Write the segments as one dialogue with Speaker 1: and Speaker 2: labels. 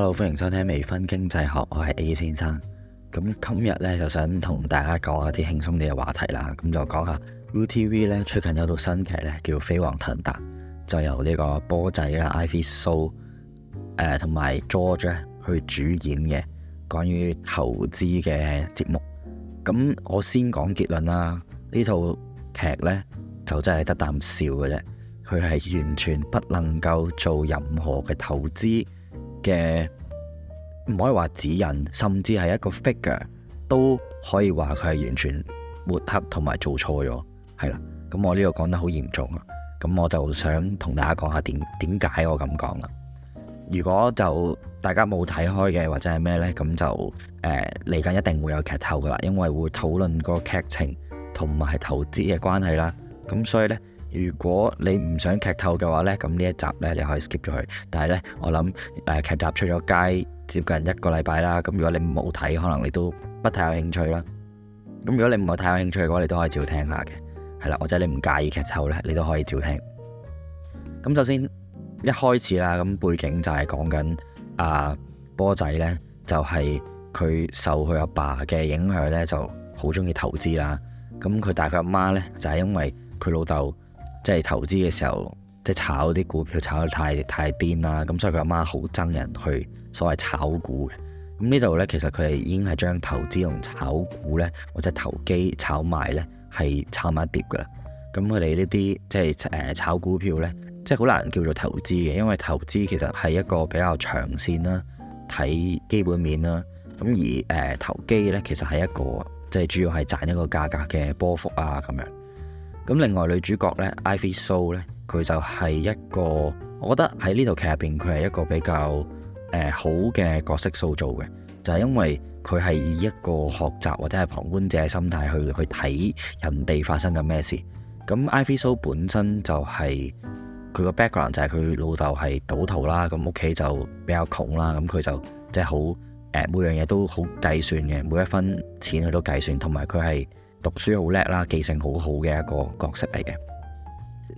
Speaker 1: 好歡迎收聽微醺經濟學，我係 A 先生。咁今日咧就想同大家講一啲輕鬆啲嘅話題啦。咁就講下 ViuTV 咧最近有套新劇咧叫《飛黃騰達》，就由呢個波仔啦、Ivy So 誒、呃、同埋 George 去主演嘅關於投資嘅節目。咁我先講結論啦，呢套劇咧就真係得啖笑嘅啫。佢係完全不能夠做任何嘅投資。嘅唔可以話指引，甚至係一個 figure 都可以話佢係完全抹黑同埋做錯咗，係啦。咁我呢個講得好嚴重啊！咁我就想同大家講下點點解我咁講啦。如果就大家冇睇開嘅或者係咩呢？咁就誒嚟緊一定會有劇透噶啦，因為會討論個劇情同埋係投資嘅關係啦。咁所以呢，如果你唔想劇透嘅話呢，咁呢一集呢，你可以 skip 咗佢。但係呢，我諗誒、啊、劇集出咗街接近一個禮拜啦，咁如果你冇睇，可能你都不太有興趣啦。咁如果你唔係太有興趣嘅話，你都可以照聽下嘅。係啦，或者你唔介意劇透呢，你都可以照聽。咁首先一開始啦，咁背景就係講緊啊波仔呢，就係、是、佢受佢阿爸嘅影響呢，就好鍾意投資啦。咁佢大佢阿媽呢，就係、是、因為佢老豆。即係投資嘅時候，即係炒啲股票炒得太太癲啦，咁所以佢阿媽好憎人去所謂炒股嘅。咁呢度咧，其實佢係已經係將投資同炒股咧，或者投機炒賣咧，係炒埋一碟噶啦。咁佢哋呢啲即係誒炒股票咧，即係好難叫做投資嘅，因為投資其實係一個比較長線啦，睇基本面啦。咁而誒、呃、投機咧，其實係一個即係主要係賺一個價格嘅波幅啊，咁樣。咁另外女主角咧，Ivy So 咧，佢就係一個，我覺得喺呢套劇入邊，佢係一個比較誒、呃、好嘅角色塑造嘅，就係、是、因為佢係以一個學習或者係旁觀者嘅心態去去睇人哋發生緊咩事。咁、嗯、Ivy So 本身就係佢個 background 就係佢老豆係賭徒啦，咁屋企就比較窮啦，咁、啊、佢就即係好誒每樣嘢都好計算嘅，每一分錢佢都計算，同埋佢係。讀書好叻啦，記性好好嘅一個角色嚟嘅。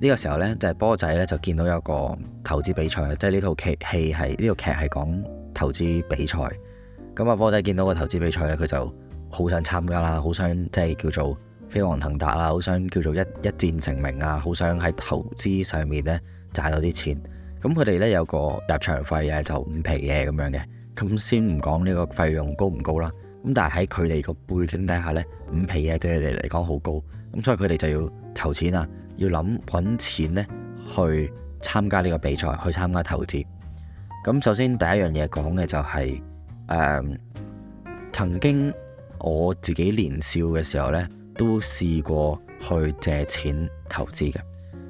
Speaker 1: 呢個時候呢，就係波仔呢，就見到有一個投資比賽，即係呢套戲係呢套劇係講投資比賽。咁啊，波仔見到個投資比賽咧，佢就好想參加啦，好想即係叫做飛黃騰達啦，好想叫做一一戰成名啊，好想喺投資上面呢賺到啲錢。咁佢哋呢，有個入場費嘅，就五皮嘢，咁樣嘅。咁先唔講呢個費用高唔高啦。咁但係喺佢哋個背景底下咧，五皮嘢對佢哋嚟講好高，咁所以佢哋就要籌錢啊，要諗揾錢呢去參加呢個比賽，去參加投資。咁首先第一樣嘢講嘅就係、是、誒、嗯，曾經我自己年少嘅時候呢，都試過去借錢投資嘅。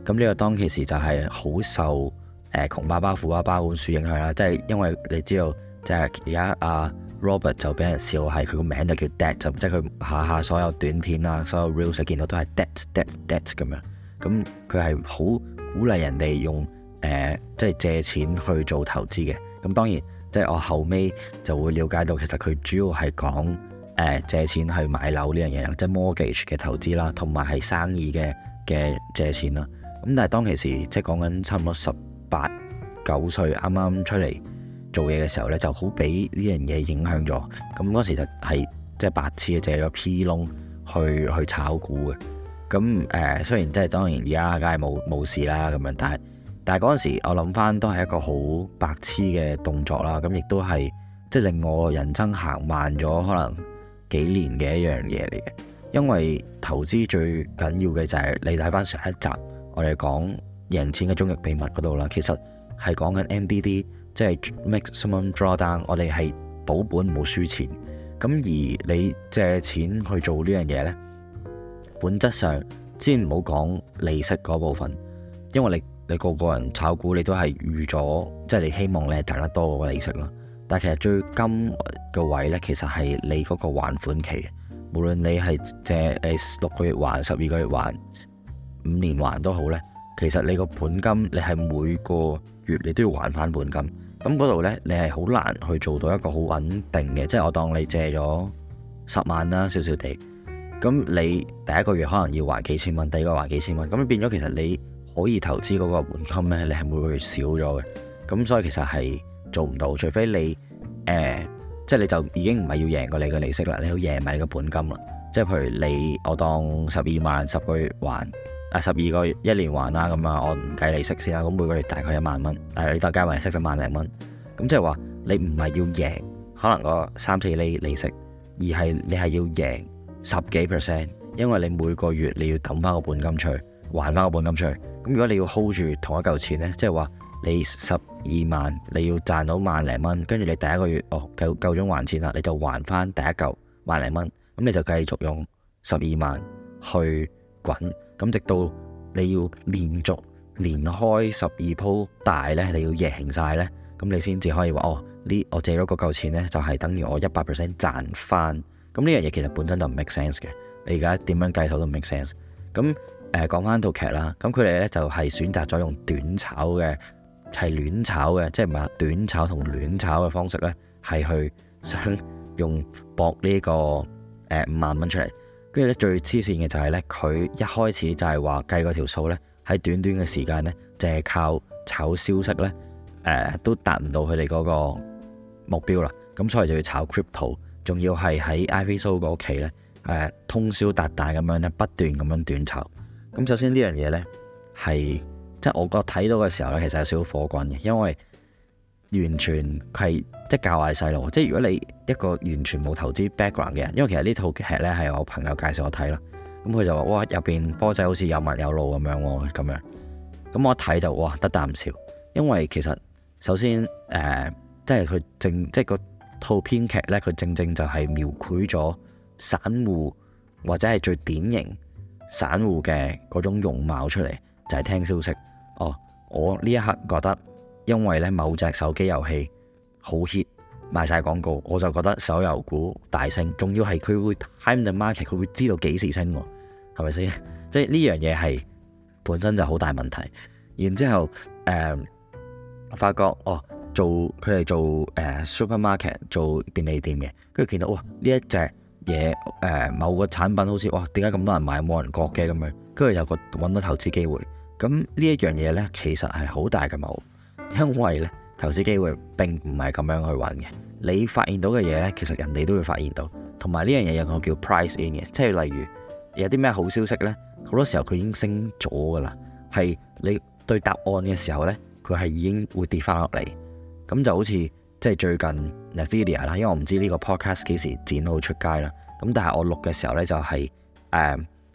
Speaker 1: 咁呢個當其時就係好受誒、呃、窮爸爸富爸爸本書影響啦，即係因為你知道，即係而家啊。Robert 就俾人笑係佢個名就叫 debt 就即係佢下下所有短片啦，所有 reels 見到都係 debt debt debt 咁樣，咁佢係好鼓勵人哋用誒、呃、即係借錢去做投資嘅。咁當然即係我後尾就會了解到其實佢主要係講誒借錢去買樓呢樣嘢，即係 mortgage 嘅投資啦，同埋係生意嘅嘅借錢啦。咁但係當其時即係講緊差唔多十八九歲啱啱出嚟。做嘢嘅時候呢，就好俾呢樣嘢影響咗。咁嗰時就係即係白痴，就借咗 P 窿去去炒股嘅。咁誒、呃，雖然即係當然而家梗係冇冇事啦，咁樣，但係但係嗰陣時我諗翻都係一個好白痴嘅動作啦。咁亦都係即係令我人生行慢咗，可能幾年嘅一樣嘢嚟嘅。因為投資最緊要嘅就係你睇翻上一集我哋講贏錢嘅終極秘密嗰度啦，其實係講緊 M D D。即係 maximum drawdown，我哋係保本唔好輸錢。咁而你借錢去做呢樣嘢呢，本質上先唔好講利息嗰部分，因為你你個個人炒股你都係預咗，即係你希望你係賺得多過利息咯。但係其實最金嘅位呢，其實係你嗰個還款期，無論你係借誒六個月還、十二個月還、五年還都好呢。其實你個本金，你係每個月你都要還翻本金，咁嗰度呢，你係好難去做到一個好穩定嘅，即係我當你借咗十萬啦，少少地，咁你第一個月可能要還幾千蚊，第二個還幾千蚊，咁變咗其實你可以投資嗰個本金呢，你係每個月少咗嘅，咁所以其實係做唔到，除非你誒，即係你就已經唔係要贏過你嘅利息啦，你要贏埋你嘅本金啦，即係譬如你我當十二萬十個月還。誒十二個月一年還啦，咁啊，我唔計利息先啦。咁每個月大概一萬蚊，但誒，你當加埋利息咗萬零蚊。咁即係話你唔係要贏可能個三四厘利息，而係你係要贏十幾 percent，因為你每個月你要抌翻個本金出去，還翻個本金出去。咁如果你要 hold 住同一嚿錢呢，即係話你十二萬你要賺到萬零蚊，跟住你第一個月哦夠夠鐘還錢啦，你就還翻第一嚿萬零蚊，咁你就繼續用十二萬去滾。咁直到你要連續連開十二鋪大咧，你要贏晒咧，咁你先至可以話哦，呢我借咗嗰嚿錢咧，就係等於我一百 percent 賺翻。咁呢樣嘢其實本身就唔 make sense 嘅，你而家點樣計數都唔 make sense。咁誒、呃、講翻套劇啦，咁佢哋咧就係、是、選擇咗用短炒嘅係亂炒嘅，即係唔係短炒同亂炒嘅方式咧，係去想用博呢、這個誒五萬蚊出嚟。跟住咧最黐線嘅就係咧，佢一開始就係話計嗰條數咧，喺短短嘅時間咧，就係靠炒消息咧，誒、呃、都達唔到佢哋嗰個目標啦。咁所以就要炒 crypto，仲要係喺 Ivy So 嗰屋企咧，誒、呃、通宵達旦咁樣咧，不斷咁樣短炒。咁首先呢樣嘢咧，係即係我覺得睇到嘅時候咧，其實有少少火滾嘅，因為。完全係即教壞細路，即如果你一個完全冇投資 background 嘅人，因為其實呢套劇呢係我朋友介紹我睇啦，咁佢就話：哇入邊波仔好似有紋有路咁樣喎，咁樣。咁我一睇就哇得啖笑，因為其實首先誒、呃，即係佢正即係套編劇呢，佢正正就係描繪咗散戶或者係最典型散戶嘅嗰種容貌出嚟，就係、是、聽消息。哦，我呢一刻覺得。因為咧，某隻手機遊戲好 hit，賣晒廣告，我就覺得手遊股大升。仲要係佢會 time the market，佢會知道幾時升，係咪先？ 即係呢樣嘢係本身就好大問題。然之後，誒、呃、發覺哦，做佢哋做誒、呃、supermarket，做便利店嘅，跟住見到哇呢一隻嘢誒，某個產品好似哇，點解咁多人買冇人覺嘅咁樣，跟住有個揾到投資機會。咁呢一樣嘢咧，其實係好大嘅矛盾。因為咧，投資機會並唔係咁樣去搵嘅。你發現到嘅嘢咧，其實人哋都會發現到。同埋呢樣嘢有，個，有個叫 price in 嘅，即係例如有啲咩好消息咧，好多時候佢已經升咗噶啦。係你對答案嘅時候咧，佢係已經會跌翻落嚟。咁就好似即係最近 Nvidia 啦，因為我唔知呢個 podcast 幾時展露出街啦。咁但係我錄嘅時候咧就係誒二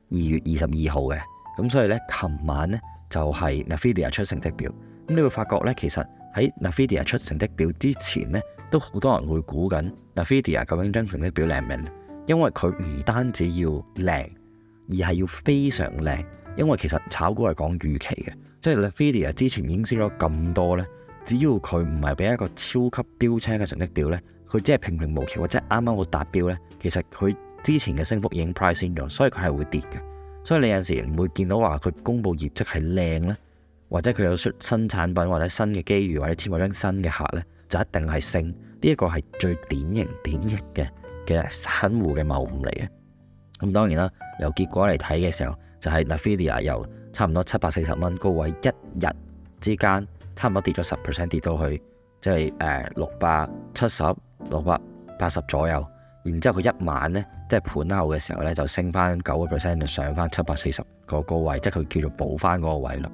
Speaker 1: 月二十二號嘅。咁所以咧，琴晚咧就係 Nvidia 出成績表。咁你會發覺咧，其實喺 Nvidia 出成績表之前咧，都好多人會估緊 Nvidia 究竟張成績表靚唔靚？因為佢唔單止要靚，而係要非常靚。因為其實炒股係講預期嘅，即係 Nvidia 之前已經升咗咁多咧，只要佢唔係俾一個超級標青嘅成績表咧，佢只係平平無奇或者啱啱好達標咧，其實佢之前嘅升幅已經 price in 咗，所以佢係會跌嘅。所以你有時唔會見到話佢公布業績係靚咧。或者佢有出新產品，或者新嘅機遇，或者簽嗰張新嘅客呢，就一定係升呢一個係最典型典型嘅嘅散戶嘅謬誤嚟嘅。咁當然啦，由結果嚟睇嘅時候，就係 Nvidia 由差唔多七百四十蚊高位一日之間，差唔多跌咗十 percent 跌到去即係誒六百七十、六百八十左右。然之後佢一晚呢，即係盤後嘅時候呢，就升翻九個 percent，就上翻七百四十個高位，即係佢叫做補翻嗰個位咯。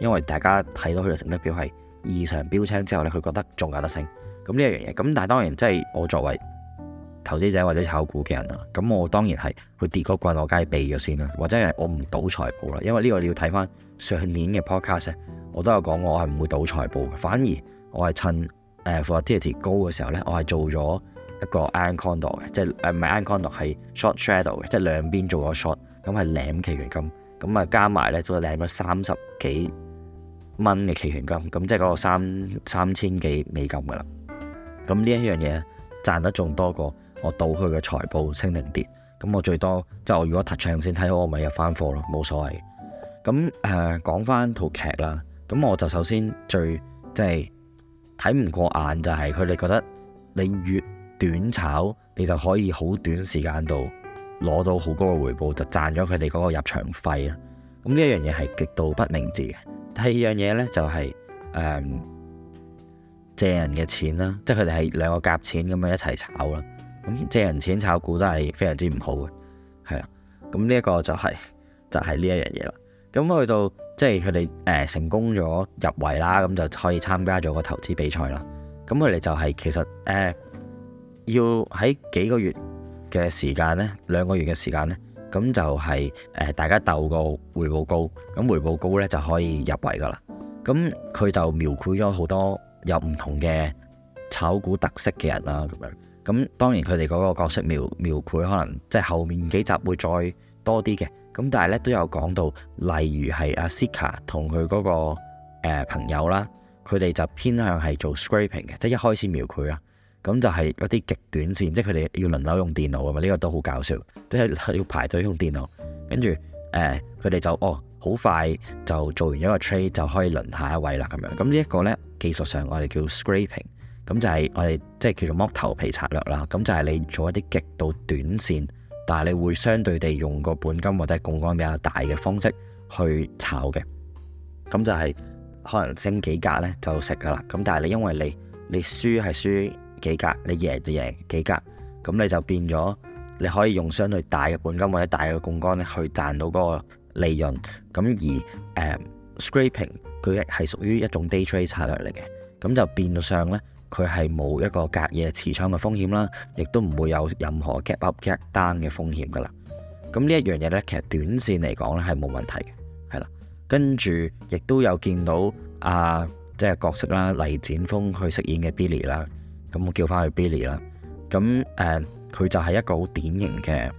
Speaker 1: 因為大家睇到佢嘅成績表係異常標青之後咧，佢覺得仲有得升，咁呢一樣嘢。咁但係當然，即係我作為投資者或者炒股嘅人啦，咁我當然係佢跌嗰棍，我梗係避咗先啦，或者係我唔賭財報啦。因為呢個你要睇返上年嘅 podcast 我都有講我係唔會賭財報嘅，反而我係趁誒 volatility 高嘅時候呢，我係做咗一個 iron condor 嘅，呃、Condor, sh Shadow，即係唔係 iron condor 係 short straddle 嘅，即係兩邊做咗 short，咁係領期權金，咁啊加埋呢，都係領咗三十幾蚊嘅期權金，咁即係嗰個三三千幾美金噶啦。咁呢一樣嘢賺得仲多過我倒去嘅財報升零跌。咁我最多即係我如果踏場先睇好，我咪入翻貨咯，冇所謂。咁誒、呃、講翻套劇啦。咁我就首先最即係睇唔過眼就係佢哋覺得你越短炒，你就可以好短時間度攞到好高嘅回報，就賺咗佢哋嗰個入場費啦。咁呢一樣嘢係極度不明智嘅。第二樣嘢咧就係、是、誒、嗯、借人嘅錢啦，即係佢哋係兩個夾錢咁樣一齊炒啦。咁借人錢炒股都係非常之唔好嘅，係啊，咁呢一個就係、是、就係呢一樣嘢啦。咁去到即係佢哋誒成功咗入圍啦，咁就可以參加咗個投資比賽啦。咁佢哋就係其實誒、呃、要喺幾個月嘅時間咧，兩個月嘅時間咧。咁就係誒大家鬥個回報高，咁回報高咧就可以入圍噶啦。咁佢就描繪咗好多有唔同嘅炒股特色嘅人啦，咁樣。咁當然佢哋嗰個角色描描繪，可能即係後面幾集會再多啲嘅。咁但係咧都有講到，例如係阿 Sika 同佢嗰個、那個、呃、朋友啦，佢哋就偏向係做 scraping 嘅，即、就、係、是、一開始描繪啊。咁就係一啲極短線，即係佢哋要輪流用電腦啊嘛，呢個都好搞笑，即係要排隊用電腦，跟住誒佢哋就哦好快就做完一個 trade 就可以輪下一位啦咁樣。咁呢一個呢技術上我哋叫 scraping，咁就係我哋即係叫做剝頭皮策略啦。咁就係你做一啲極度短線，但係你會相對地用個本金或者槓桿比較大嘅方式去炒嘅。咁就係可能升幾格呢就食噶啦。咁但係你因為你你輸係輸。幾格你贏就贏幾格，咁你就變咗你可以用相對大嘅本金或者大嘅槓桿咧去賺到嗰個利潤。咁而誒、嗯、scraping 佢係屬於一種 day trade 策略嚟嘅，咁就變相咧佢係冇一個隔夜持倉嘅風險啦，亦都唔會有任何 cap up cap down 嘅風險噶啦。咁呢一樣嘢咧，其實短線嚟講咧係冇問題嘅，係啦。跟住亦都有見到啊，即係角色啦，黎展峰去飾演嘅 Billy 啦。咁我叫翻佢 Billy 啦，咁誒佢就係一個好典型嘅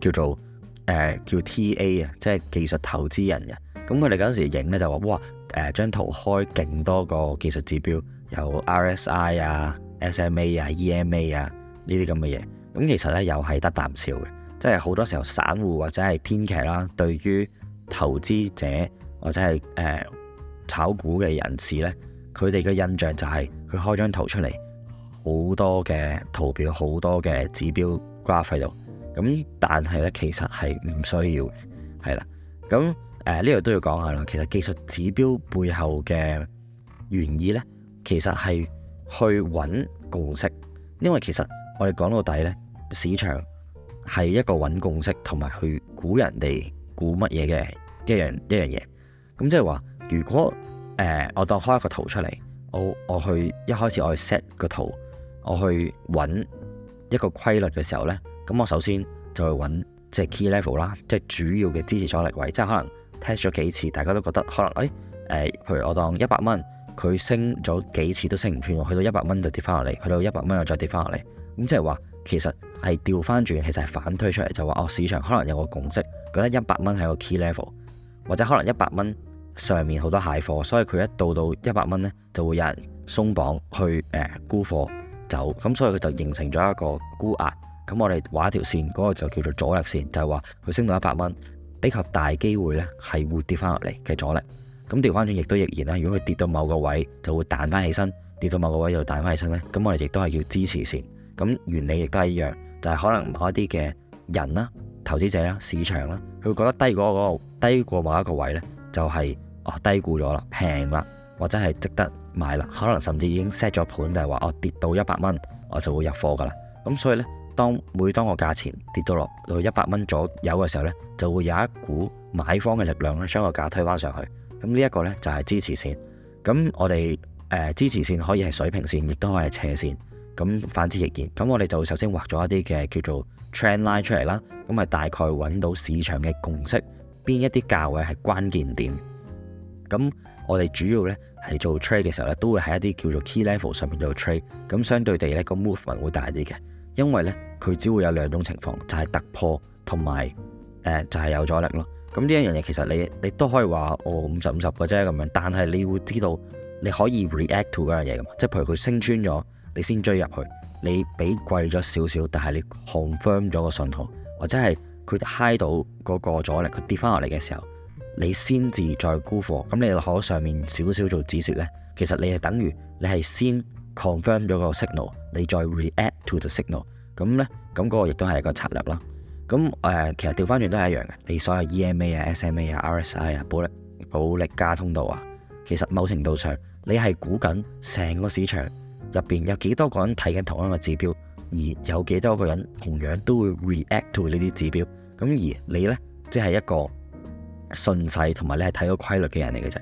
Speaker 1: 叫做誒、呃、叫 TA 啊，即係技術投資人嘅。咁佢哋嗰陣時影咧就話：哇誒，張、呃、圖開勁多個技術指標，有 RSI 啊、SMA 啊、EMA 啊呢啲咁嘅嘢。咁其實咧又係得啖笑嘅，即係好多時候散戶或者係編劇啦，對於投資者或者係誒、呃、炒股嘅人士咧，佢哋嘅印象就係、是。佢開張圖出嚟，好多嘅圖表，好多嘅指標 graph 喺度。咁但係咧，其實係唔需要，係啦。咁誒呢度都要講下啦。其實技術指標背後嘅原意咧，其實係去揾共識。因為其實我哋講到底咧，市場係一個揾共識同埋去估人哋估乜嘢嘅一樣一樣嘢。咁即係話，如果誒、呃、我當開一個圖出嚟。我我去一開始我去 set 個圖，我去揾一個規律嘅時候呢。咁我首先就去揾即係 key level 啦，即係主要嘅支持阻力位，即係可能 test 咗幾次，大家都覺得可能誒、哎呃、譬如我當一百蚊，佢升咗幾次都升唔穿，去到一百蚊就跌翻落嚟，去到一百蚊又再跌翻落嚟，咁即係話其實係調翻轉，其實係反，反推出嚟，就話哦市場可能有個共識，覺得一百蚊係個 key level，或者可能一百蚊。上面好多蟹貨，所以佢一到到一百蚊咧，就會有人鬆綁去誒沽貨走，咁所以佢就形成咗一個沽壓。咁我哋畫一條線，嗰、嗰個就叫做阻力線，就係話佢升到一百蚊比較大機會咧，係會跌翻落嚟嘅阻力。咁調翻轉，亦都亦然啦。如果佢跌到某個位，就會彈翻起身；跌到某個位又彈翻起身咧，咁我哋亦都係叫支持線。咁原理亦都係一樣，就係、係、可能某一啲嘅人啦、投資者啦、市場啦，佢會覺得低過、嗰個、低過某一個位咧。就係哦低估咗啦，平啦，或者係值得買啦，可能甚至已經 set 咗盤，就係話哦跌到一百蚊，我就會入貨噶啦。咁所以呢，當每當個價錢跌到落到一百蚊左右嘅時候呢，就會有一股買方嘅力量咧，將個價推翻上去。咁呢一個呢，就係、是、支持線。咁我哋誒、呃、支持線可以係水平線，亦都可以係斜線。咁反之亦然。咁我哋就首先畫咗一啲嘅叫做 trend line 出嚟啦。咁係大概揾到市場嘅共識。邊一啲價位係關鍵點？咁我哋主要呢係做 trade 嘅時候呢，都會喺一啲叫做 key level 上面做 trade。咁相對地呢，個 movement 會大啲嘅，因為呢，佢只會有兩種情況，就係突破同埋、呃、就係有阻力咯。咁呢一樣嘢其實你你都可以話我五十五十個啫咁樣，但係你會知道你可以 react to 嗰樣嘢咁，即係譬如佢升穿咗，你先追入去，你比貴咗少少，但係你 confirm 咗個信號或者係。佢嗨到嗰個阻力，佢跌翻落嚟嘅時候，你先至再沽貨。咁你喺上面少少做止蝕呢？其實你係等於你係先 confirm 咗個 signal，你再 react to the signal。咁呢，咁、那、嗰個亦都係一個策略啦。咁誒、呃，其實調翻轉都係一樣嘅。你所有 EMA 啊、SMA 啊、RSI 啊、保力保力加通道啊，其實某程度上你係估緊成個市場入邊有幾多個人睇緊同樣嘅指標。而有幾多個人同樣都會 react to 呢啲指標，咁而你呢，即係一個順勢同埋你係睇到規律嘅人嚟嘅啫。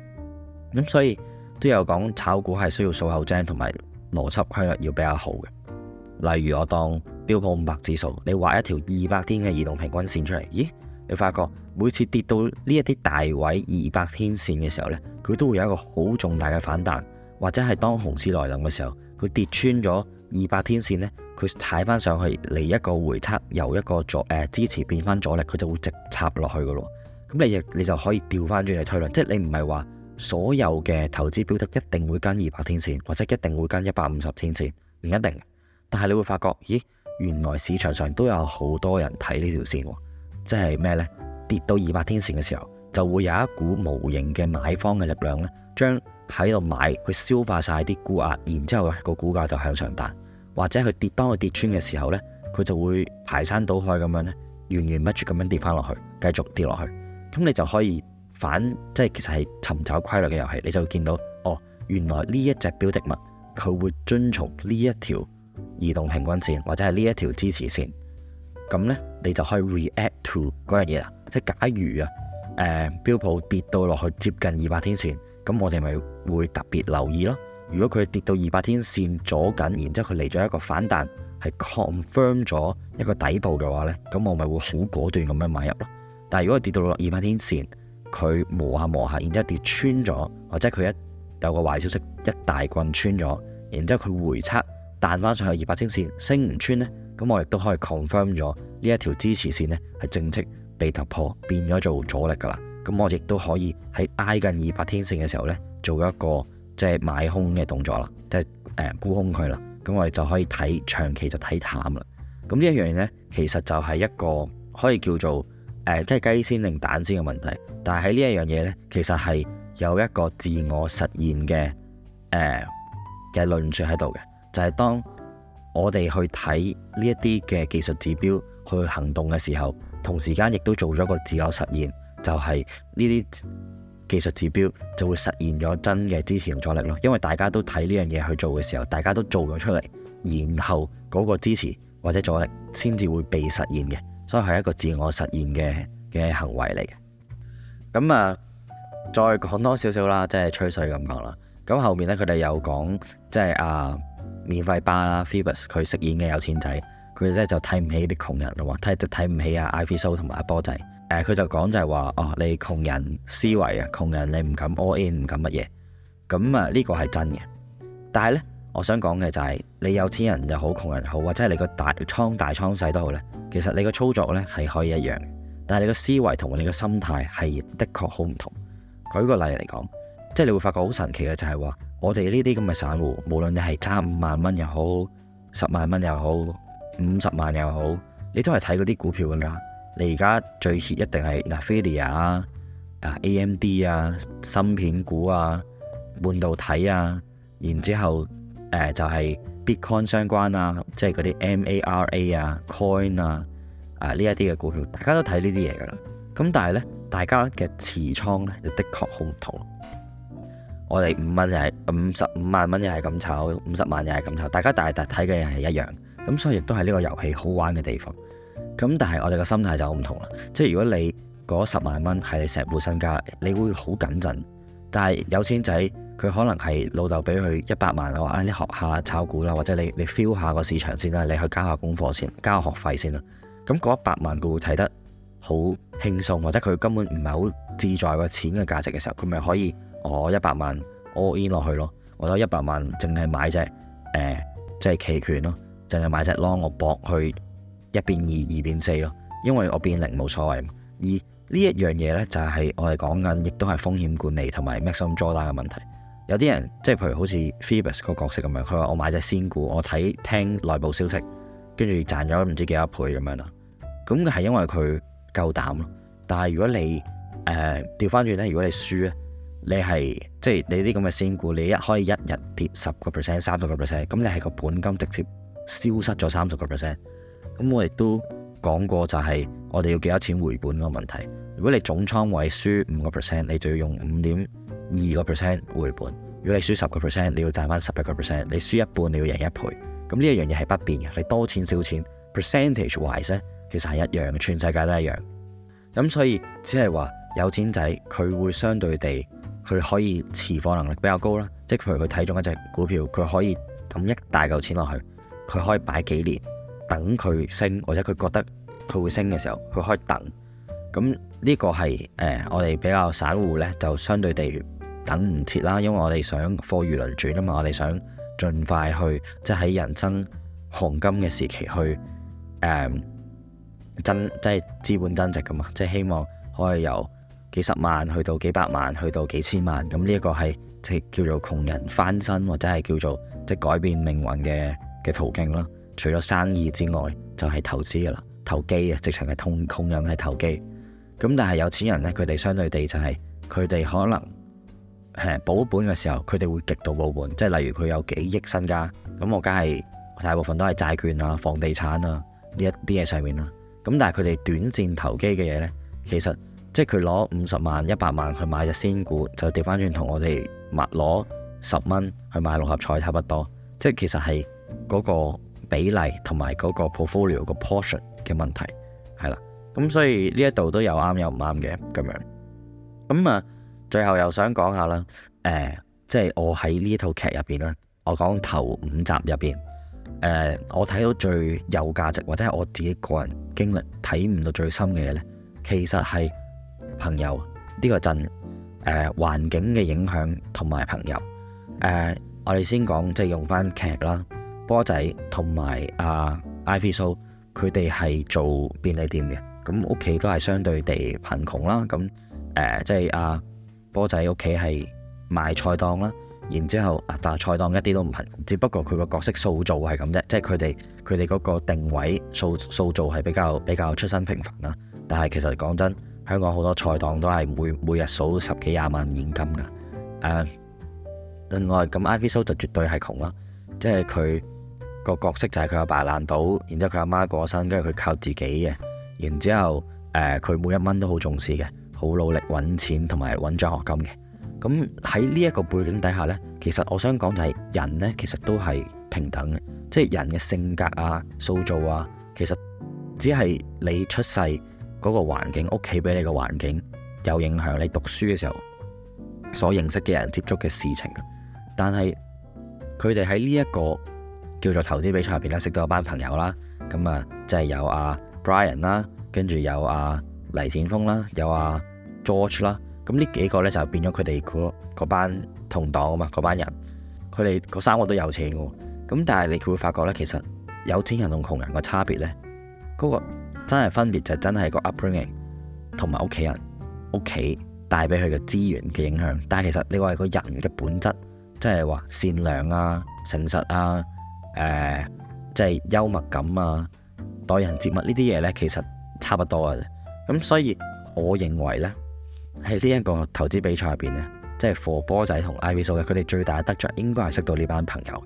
Speaker 1: 咁所以都有講炒股係需要數口精同埋邏輯規律要比較好嘅。例如我當標普五百指數，你畫一條二百天嘅移動平均線出嚟，咦，你發覺每次跌到呢一啲大位二百天線嘅時候呢，佢都會有一個好重大嘅反彈，或者係當熊市來臨嘅時候，佢跌穿咗。二百天線呢，佢踩翻上去嚟一個回測，由一個阻誒、呃、支持變翻阻力，佢就會直插落去噶咯。咁你亦，你就可以調翻轉嚟推論，即係你唔係話所有嘅投資標的一定會跟二百天線，或者一定會跟一百五十天線，唔一定。但係你會發覺，咦，原來市場上都有好多人睇呢條線，即係咩呢？跌到二百天線嘅時候，就會有一股無形嘅買方嘅力量呢，將喺度買，佢消化晒啲沽壓，然之後個股價就向上彈。或者佢跌，當佢跌穿嘅時候呢，佢就會排山倒海咁樣呢，源源不絕咁樣跌翻落去，繼續跌落去。咁你就可以反，即係其實係尋找規律嘅遊戲。你就會見到，哦，原來呢一隻標的物佢會遵從呢一條移動平均線，或者係呢一條支持線。咁呢，你就可以 react to 嗰樣嘢啦。即係假如啊，誒、呃，標普跌到落去接近二百天線，咁我哋咪會特別留意咯。如果佢跌到二百天線阻緊，然之後佢嚟咗一個反彈，係 confirm 咗一個底部嘅話呢，咁我咪會好果斷咁樣買入咯。但係如果跌到二百天線，佢磨下磨下，然之後跌穿咗，或者佢一有個壞消息，一大棍穿咗，然之後佢回測彈翻上去二百天線，升唔穿呢，咁我亦都可以 confirm 咗呢一條支持線呢係正式被突破，變咗做阻力噶啦。咁我亦都可以喺挨近二百天線嘅時候呢，做一個。即係買空嘅動作啦，即係誒沽空佢啦，咁我哋就可以睇長期就睇淡啦。咁呢一樣嘢呢，其實就係一個可以叫做誒雞、呃、雞先定蛋先嘅問題。但係喺呢一樣嘢呢，其實係有一個自我實現嘅誒嘅論述喺度嘅，就係、係、當我哋去睇呢一啲嘅技術指標去行動嘅時候，同時間亦都做咗一個自我實現，就係呢啲技術指標就會實現咗真嘅支持同阻力咯因為大家都睇呢樣嘢去做嘅時候，大家都做咗出嚟，然後嗰個支持或者阻力先至會被實現嘅，所以係一個自我實現嘅嘅行為嚟嘅。咁啊、呃，再講多少少啦，即係吹水咁講啦。咁後面呢，佢哋又講即係啊，免費巴啦 Phoebus 佢飾演嘅有錢仔，佢咧就睇唔起啲窮人咯，睇睇唔起啊，Ivy So 同埋阿波仔。誒，佢就講就係話哦，你窮人思維啊，窮人你唔敢 all in，唔敢乜嘢，咁啊呢個係真嘅。但係呢，我想講嘅就係，你有錢人又好，窮人又好，或者係你個大倉大倉細都好呢，其實你個操作呢係可以一樣嘅。但係你個思維同你個心態係的確好唔同。舉個例嚟講，即係你會發覺好神奇嘅就係話，我哋呢啲咁嘅散戶，無論你係揸五萬蚊又好，十萬蚊又好，五十萬又好，你都係睇嗰啲股票嘅價。你而家最熱一定係 NVIDIA 啊、AMD 啊、芯片股啊、半導體啊，然之後誒、呃、就係、是、Bitcoin 相關啊，即係嗰啲 MARA 啊、Coin 啊啊呢一啲嘅股票，大家都睇呢啲嘢㗎啦。咁但係呢，大家嘅持倉呢就的確好唔同。我哋五蚊又係五十五萬蚊又係咁炒，五十萬又係咁炒。大家大係睇嘅係一樣，咁所以亦都係呢個遊戲好玩嘅地方。咁但係我哋個心態就唔同啦，即係如果你嗰十萬蚊係你成副身家，你會好謹慎。但係有錢仔佢可能係老豆俾佢一百萬，我話你學下炒股啦，或者你你 feel 下個市場先啦，你去交下功課先，交下學費先啦。咁嗰一百萬佢會睇得好輕鬆，或者佢根本唔係好自在個錢嘅價值嘅時候，佢咪可以我一百萬 all in 落去咯，我攞一百萬淨係買隻誒即係期權咯，淨係買隻 long 我搏去。一變二，二變四咯，因為我變零冇所謂。而呢一樣嘢呢，就係我哋講緊，亦都係風險管理同埋 maximum drawdown 嘅問題。有啲人即係譬如好似 Phoebus 個角色咁樣，佢話我買隻仙股，我睇聽內部消息，跟住賺咗唔知幾多倍咁樣啦。咁係因為佢夠膽咯。但係如果你誒調返轉咧，如果你輸咧，你係即係你啲咁嘅仙股，你一可以一日跌十個 percent、三十個 percent，咁你係個本金直接消失咗三十個 percent。咁我哋都講過，就係我哋要幾多錢回本個問題。如果你總倉位輸五個 percent，你就要用五點二個 percent 回本。如果你輸十個 percent，你要賺翻十一個 percent。你輸一半，你要贏一倍。咁呢一樣嘢係不變嘅，你多錢少錢，percentage wise 其實係一樣嘅，全世界都一樣。咁所以只係話有錢仔，佢會相對地，佢可以持貨能力比較高啦。即係譬如佢睇中一隻股票，佢可以咁一大嚿錢落去，佢可以擺幾年。等佢升，或者佢覺得佢會升嘅時候，佢可以等。咁、這、呢個係誒、呃，我哋比較散戶呢，就相對地等唔切啦。因為我哋想貨如輪轉啊嘛，我哋想盡快去，即係喺人生黃金嘅時期去誒、呃、增，即係資本增值噶嘛。即、就、係、是、希望可以由幾十萬去到幾百萬，去到幾千萬。咁呢一個係即、就是、叫做窮人翻身，或者係叫做即、就是、改變命運嘅嘅途徑咯。除咗生意之外，就係、是、投資噶啦，投機啊，直情係控控人係投機咁。但係有錢人呢，佢哋相對地就係佢哋可能係保本嘅時候，佢哋會極度保本，即係例如佢有幾億身家咁，我梗係大部分都係債券啊、房地產啊呢一啲嘢上面啦。咁但係佢哋短線投機嘅嘢呢，其實即係佢攞五十萬、一百萬去買隻仙股，就掉翻轉同我哋咪攞十蚊去買六合彩差不多，即係其實係嗰、那個。比例同埋嗰個 portfolio 個 portion 嘅問題，係啦，咁所以呢一度都有啱有唔啱嘅咁樣。咁啊，最後又想講下啦，誒，即係我喺呢套劇入邊啦，我講頭五集入邊，誒，我睇到最有價值或者係我自己個人經歷睇唔到最深嘅嘢呢，其實係朋友呢個陣，誒環境嘅影響同埋朋友誒，我哋先講即係用翻劇啦。波仔同埋阿 Ivy So，佢哋係做便利店嘅，咁屋企都係相對地貧窮啦。咁誒，即係阿波仔屋企係賣菜檔啦，然之後但係、啊、菜檔一啲都唔貧，只不過佢個角色塑造係咁啫，即係佢哋佢哋嗰個定位塑塑造係比較比較出身平凡啦。但係其實講真，香港好多菜檔都係每每日數十幾廿萬現金噶。誒、啊，另外咁 Ivy So 就絕對係窮啦，即係佢。個角色就係佢阿爸爛賭，然之後佢阿媽過身，跟住佢靠自己嘅。然之後，誒、呃、佢每一蚊都好重視嘅，好努力揾錢同埋揾獎學金嘅。咁喺呢一個背景底下呢，其實我想講就係人呢，其實都係平等嘅，即係人嘅性格啊、塑造啊，其實只係你出世嗰個環境、屋企俾你嘅環境有影響，你讀書嘅時候所認識嘅人、接觸嘅事情。但係佢哋喺呢一個。叫做投資比賽入邊咧，識到一班朋友啦。咁啊，啊，即係有阿 Brian 啦，跟住有阿黎展峰啦，有、啊、阿 George 啦、啊。咁呢幾個咧就變咗佢哋嗰班同黨啊嘛，嗰班人。佢哋嗰三個都有錢嘅喎。咁但係你會發覺咧，其實有錢人同窮人嘅差別咧，嗰、嗰個真係分別就真係個 upbringing 同埋屋企人屋企帶俾佢嘅資源嘅影響。但係其實你話個人嘅本質，即係話善良啊、誠實啊。誒、呃，即係幽默感啊，待人接物呢啲嘢呢，其實差不多啊。咁所以，我認為呢喺呢一個投資比賽入邊咧，即係火波仔同 Ivy So 嘅，佢哋最大嘅得着應該係識到呢班朋友，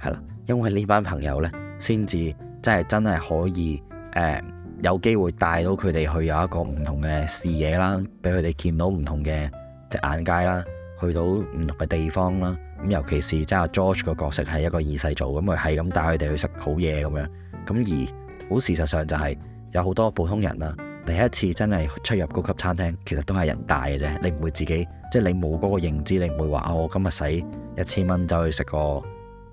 Speaker 1: 係啦，因為呢班朋友呢，先至真係真係可以誒、呃，有機會帶到佢哋去有一個唔同嘅視野啦，俾佢哋見到唔同嘅隻眼界啦，去到唔同嘅地方啦。咁尤其是即係 George 個角色係一個二世祖，咁佢係咁帶佢哋去食好嘢，咁樣，咁而好事實上就係、是、有好多普通人啦，第一次真係出入高級餐廳，其實都係人大嘅啫。你唔會自己即係你冇嗰個認知，你唔會話哦，我今日使一千蚊走去食個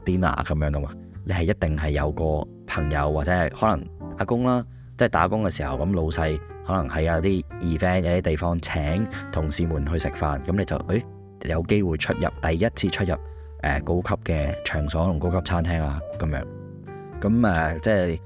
Speaker 1: dinner 咁樣噶嘛，你係一定係有個朋友或者係可能阿公啦，即係打工嘅時候咁老細可能係有啲 event 有啲地方請同事們去食飯，咁你就誒。哎有機會出入第一次出入誒、呃、高級嘅場所同高級餐廳啊，咁樣咁誒、呃，即係呢、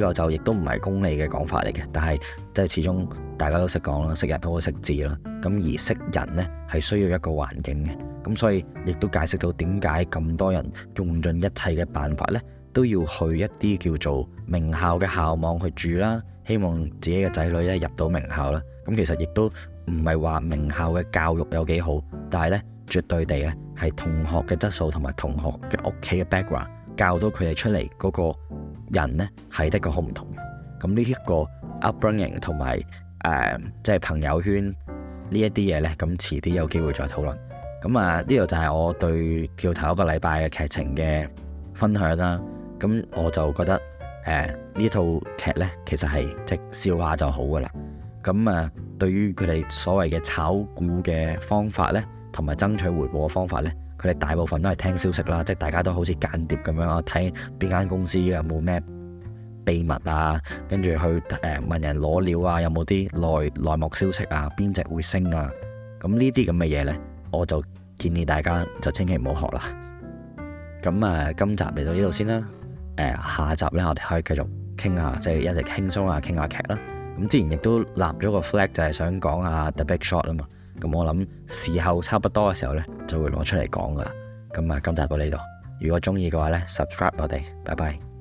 Speaker 1: 這個就亦都唔係公理嘅講法嚟嘅，但係即係始終大家都識講啦，識人好過識字啦，咁而識人呢，係需要一個環境嘅，咁所以亦都解釋到點解咁多人用盡一切嘅辦法呢，都要去一啲叫做名校嘅校網去住啦，希望自己嘅仔女咧入到名校啦，咁其實亦都。唔係話名校嘅教育有幾好，但係咧絕對地咧係同學嘅質素同埋同學嘅屋企嘅 background，教到佢哋出嚟嗰個人咧係的確好唔同。咁呢一個 upbringing 同埋誒、呃、即係、就是、朋友圈呢一啲嘢咧，咁遲啲有機會再討論。咁啊呢度就係我對跳頭一個禮拜嘅劇情嘅分享啦。咁我就覺得誒、呃、呢套劇咧其實係即係笑下就好噶啦。咁啊。對於佢哋所謂嘅炒股嘅方法呢，同埋爭取回報嘅方法呢，佢哋大部分都係聽消息啦，即係大家都好似間諜咁樣啊，睇邊間公司有冇咩秘密啊，跟住去誒問人攞料啊，有冇啲內內幕消息啊，邊隻會升啊，咁呢啲咁嘅嘢呢，我就建議大家就千祈唔好學啦。咁啊，呃，今集嚟到呢度先啦，呃，下集呢，我哋可以繼續傾下，即係一直輕鬆下傾下劇啦。咁之前亦都立咗個 flag，就係想講下 The Big Short 啊嘛。咁我諗時候差唔多嘅時候呢，就會攞出嚟講噶啦。咁啊，今集到呢度。如果中意嘅話呢 subscribe 我哋。拜拜。